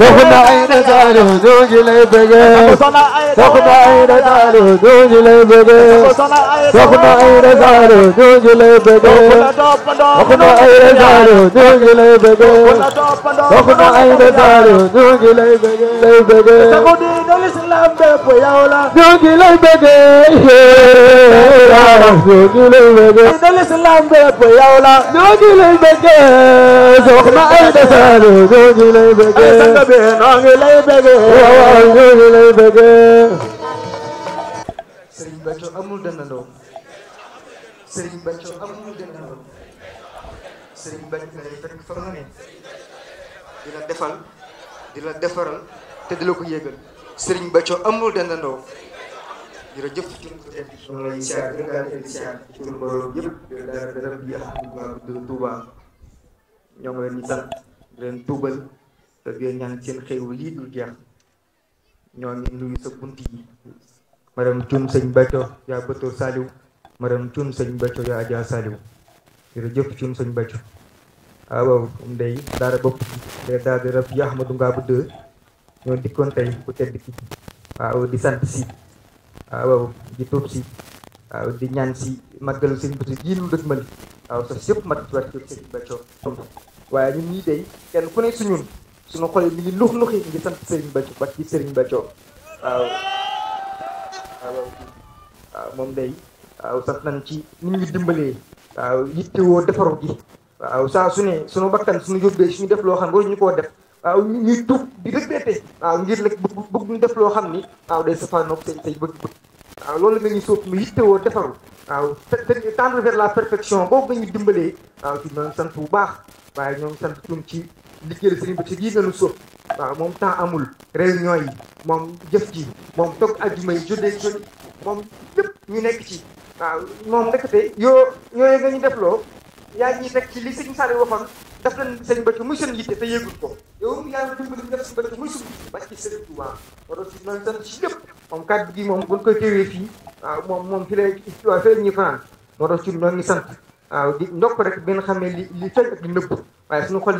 سخنا عين دار هدوج لبقى سخنا عين دار هدوج لبقى سخنا عين دار هدوج لبقى سخنا عين دار هدوج لبقى سخنا عين دار هدوج لبقى دوج لبقى دوج لبقى ndam bépp yow la ñoo ngi lay bëggee soxna Aida ay sang ñoo ngi lay bëggee waaw ñoo amul dëndandoo Serigne Bethio amul dëndandoo Serigne Bethio la defal te di la ko yégal amul dëndandoo jërëjëf ci tur ñoo ngi leen di ñoo ngi nuyu sa bunt yi madame Thioune sëñ Bacco sëñ Bacco yaa Adja Saliou jërëjëf Thioune sëñ Bacco ah, waaw waaw um day daara bopp de daara dara bi Ahmadou ñoo dikkoon tey bu tedd ki ah, waaw di sant si Ah, waaw di toog si waaw ah, di ñaan si màggalu sëñ Basiru gii nu dëgmal waaw ah, sa si yëpp mat ci wàcc waaye ñun ñii day kenn ku ne suñun suñu xool mi ngi lux luxi ngi sant sëriñ Basiru wàcc sëriñ Basiru waaw waaw waaw moom day waaw sant nañ ci ni ñu dimbalee waaw yittewoo defaru gi waaw saa su ne suñu bakkan suñu yóbbee suñu def loo xam waruñu koo def waaw ñuy tuub di regretté waaw ngir rek bëgg ñu def loo xam ni waaw day safaanoog say say bëgg-bëgg waaw loolu nga ñu sóob mu yittewoo defaru waaw tendre vers la perfection boobu nga ñu dimbalee waaw ci ñoom sant bu baax waaye ñoom sant tuum ci liggéeyal sëriñ bi ci lii nga ñu sóob waaw moom temps amul réunion yi moom jëf ji moom toog ajjuma yi jotee jot moom lépp ñu nekk ci waaw moom ndekete yoo yooyu nga ñu defloo yaa ñu nekk ci li sëñ Saliou waxoon def leen sëñ Mbacke muy seen yitte te yëgul ko yow yàlla dimbali ñu def si Mbacke muy suñu yitte barki sëriñ Touba wala si man sant si lépp moom kàddu gi moom buñ koy teewee fii waaw moom moom fi lay waaw fi lay ñuy fanaan moo sant waaw di ndokk rek bi nga xamee li li feeñ ak li nëbb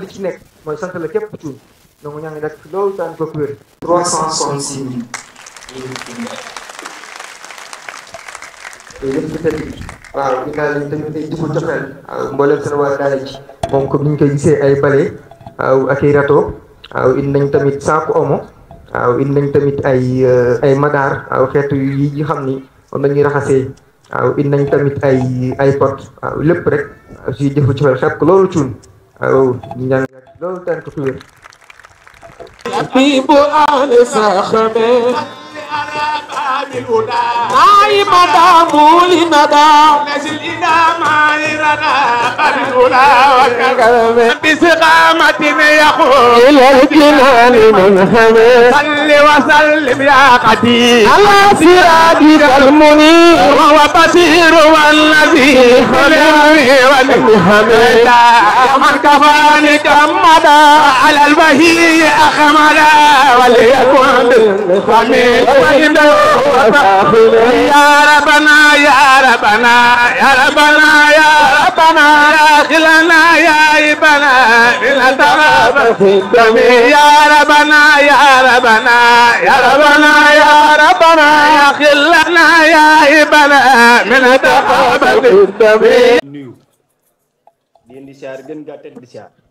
li ci nekk mooy sant la képp tuun donc ñaa ngi rek loolu ko wér trois cent soixante-six bi waaw ñu daal lañ tamit ay jëfu moom ko biñ koy gisee ay bale waaw ak i râteau nañ tamit saaku omo waaw indi nañ tamit ay euh, ay madaar waaw xeetu yi yi xam ni moom la raxasee waaw indi nañ tamit ay ay pot waaw lépp rek waaw si jëfu ci xel xeet ko loolu cuun waaw ñu ñaan loolu tànk ku wér بالهدى دائما دامو لندى نزل إنا ما لردى بالهدى وكرم بسقامة يخرج إلى الجنان منهمة صل وسلم يا قدير على سرادك المنير وهو بصير والذي خلقني ولمهمة يا من كفاني كمدى على البهي أخمنا وليكن بالخميس وعنده يا ربنا يا ربنا يا ربنا يا ربنا يا خلنا يا ابنا من تراب يا ربنا يا ربنا يا ربنا يا ربنا يا خلنا يا ابنا من تراب الدم di siyaar gën gàttal di siyaar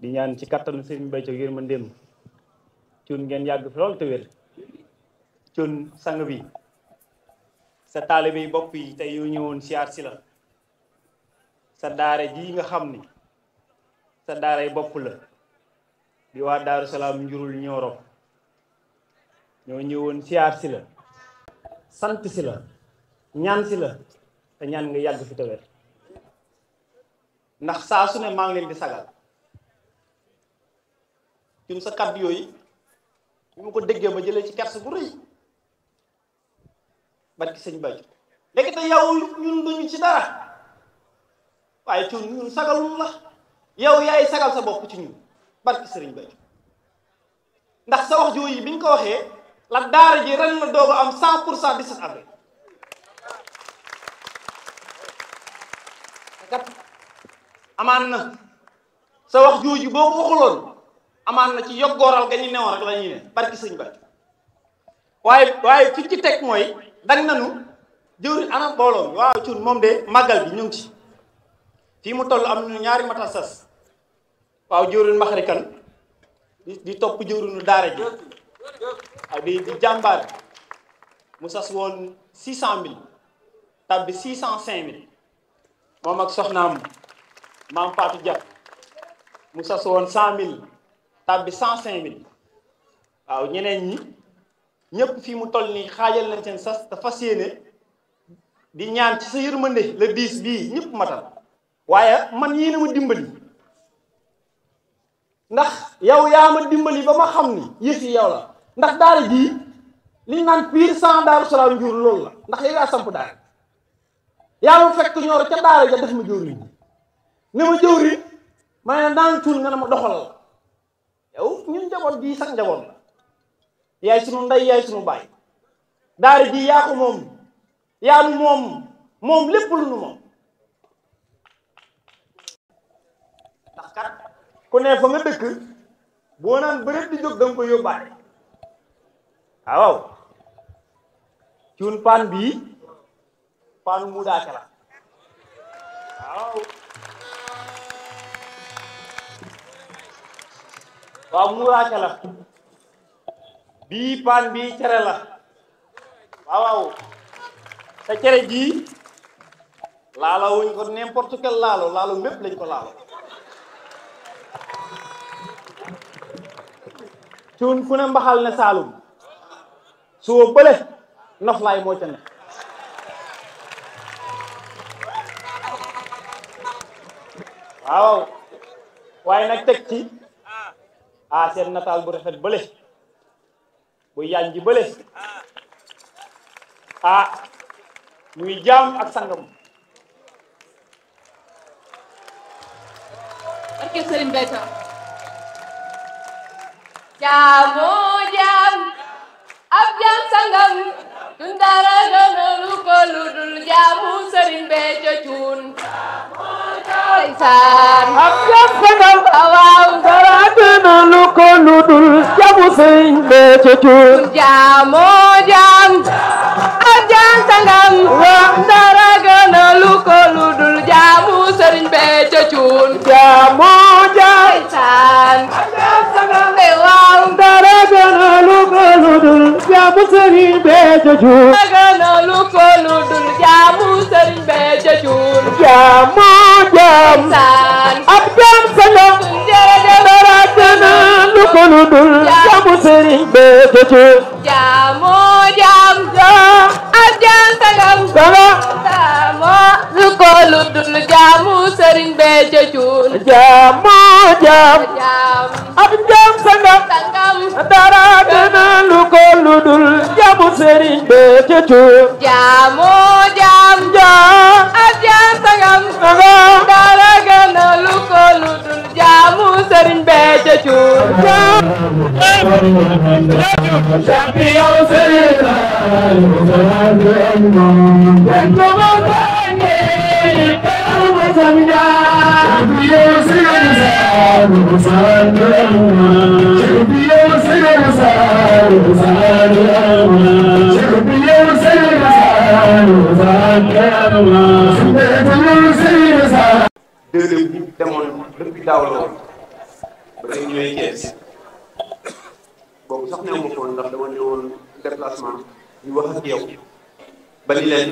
di ñaan ci kattanu sëriñ yërmë ndem ciun ngeen yàgg fi lool te wér ciun sang bi sa taalibe yi bopp yi tey yoo ñëwoon siyaar si la sa daara ji nga xam ni sa yi bopp la di waa daaru salaam njurul ñoro ñoo ñëwoon siyaar si la sant si la ñaan si la te ñaan nga yàgg fi te wér ndax saa su ne maa ngi leen di sagal ci sa kaddu yooyu bi ma ko déggee ma jëlee ci kerse bu rëy barki sëñ Bàcc léegi te yow ñun duñu ci dara waaye ci ñun sagalul la yow yaay sagal sa bopp ci ñun barki sëriñ Bàcc ndax sa wax jooyu bi ñu ko waxee la daara ji ren na doog am 100 pour cent 17 avril kat amaan na sa wax jooju boo ko waxuloon amaan na ci yoggooral ga ñu newoon rek la ñuy ne barki sëñ ba waaye waaye fi ci teg mooy dang nanu jëwriñ anam booloon waaw cuun moom de màggal bi ñu ngi ci fii mu toll am na ñaari mata sas waaw jëwriñ maxarikan di topp jëwriñu daara ji waaw di jàmbaar mu sas woon six cent mille tàbbi six cent cinq mille moom ak soxnaam maam Fatou Diak mu sas woon cent mille tabbi 105000 waaw ñeneen ñi ñepp fi mu toll ni xajal na seen sas ta fasiyene di ñaan ci sa yermande le 10 bi ñepp matal waye man yi na ma dimbali ndax yow ya ma dimbali ba ma xam ni yëf yi yow la ndax daara jii li ñu pire sans daaru salaw njuur lool la ndax yow yaa samp daara ya ma fekk ñoro ca daara ja def ma jëwriñ ne ma jëwriñ ma ne daan tul nga na ma doxal la yow ñun jabon bi sax jabon la ya yaay suñu nday yaay suñu bay daari ji yaa ko moom yaa nu moom moom lépp lu nu moom ndax kat ku ne fa nga dekk bo naan bërëb di jog dang ko yóbbaale waaw ciun pan bi pan mu da la waaw muuraake la bii paan bii cere la waaw waaw cere jii laalo wuñ ko n'importe quel laalo laalo mépp lañ ko laalo cuun ku ne mbaxal ne saalum suba bële noflaay moo ca ne waaye nag teg ci a sen natal bu rafet bele bu yaañ ji bële ah muy jam ak sangam barke Sëriñ Béthio jaamoo jam ab jam sangam dun dara lu ko lu dul jaamu Sëriñ Béthio cuun jaamoo jam ab jam sangam lu ko lu dul jamu sëriñ bee ci tur jaamoo jaam ak jaam sangam dara gën a lu ko lu dul jaamu sëriñ bee ci tur jaamoo jaam ak jaam sangam dara gën a lu ko lu dul jaamu sëriñ bee ci tur dara gën a lu ko lu dul jaamu sëriñ bee ci tur jaamoo jaam ak jaam lu dul jaamu sëriñ bee jo jaamu jaam jo ak jaam sagam sama jaamoo lu ko lu dul jaamu sëriñ bee jo jaamu jaam ab jam sangam dara gëna lu ko lu dul jamu sëriñ be ca jam jam ab jam sangam dara gëna lu ko lu dul jamu sëriñ be déedéet bi demoon depuis daaw la woon ba tey ñooy Thiès boobu sax neew ma ko woon ndax dama ne woon déplacement ñu wax ak yow ba li leen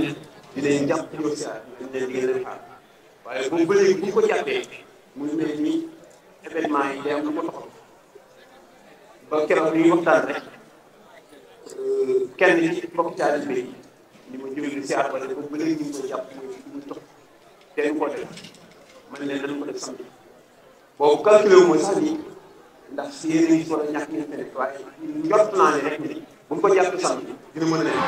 di leen jàpp ci dossier dañ leen di gën a xaar waaye boobu ba léegi bu ñu ko jàppee muy mel ni événement yi day am lu ko toxal ba keroog ñuy waxtaan rek kenn ci mbokk taalibe yi ni ma jëlee si àll ba ne boobu ba léegi ñu jàpp muy muy tox te ñu ko def man leen dañ ko def samedi boobu calculé wu mooy sax ni ndax si yéen a ngi soog a ñàkk ñu ne waaye njort naa ne rek ni bu ñu jàpp samedi dina mën a nekk.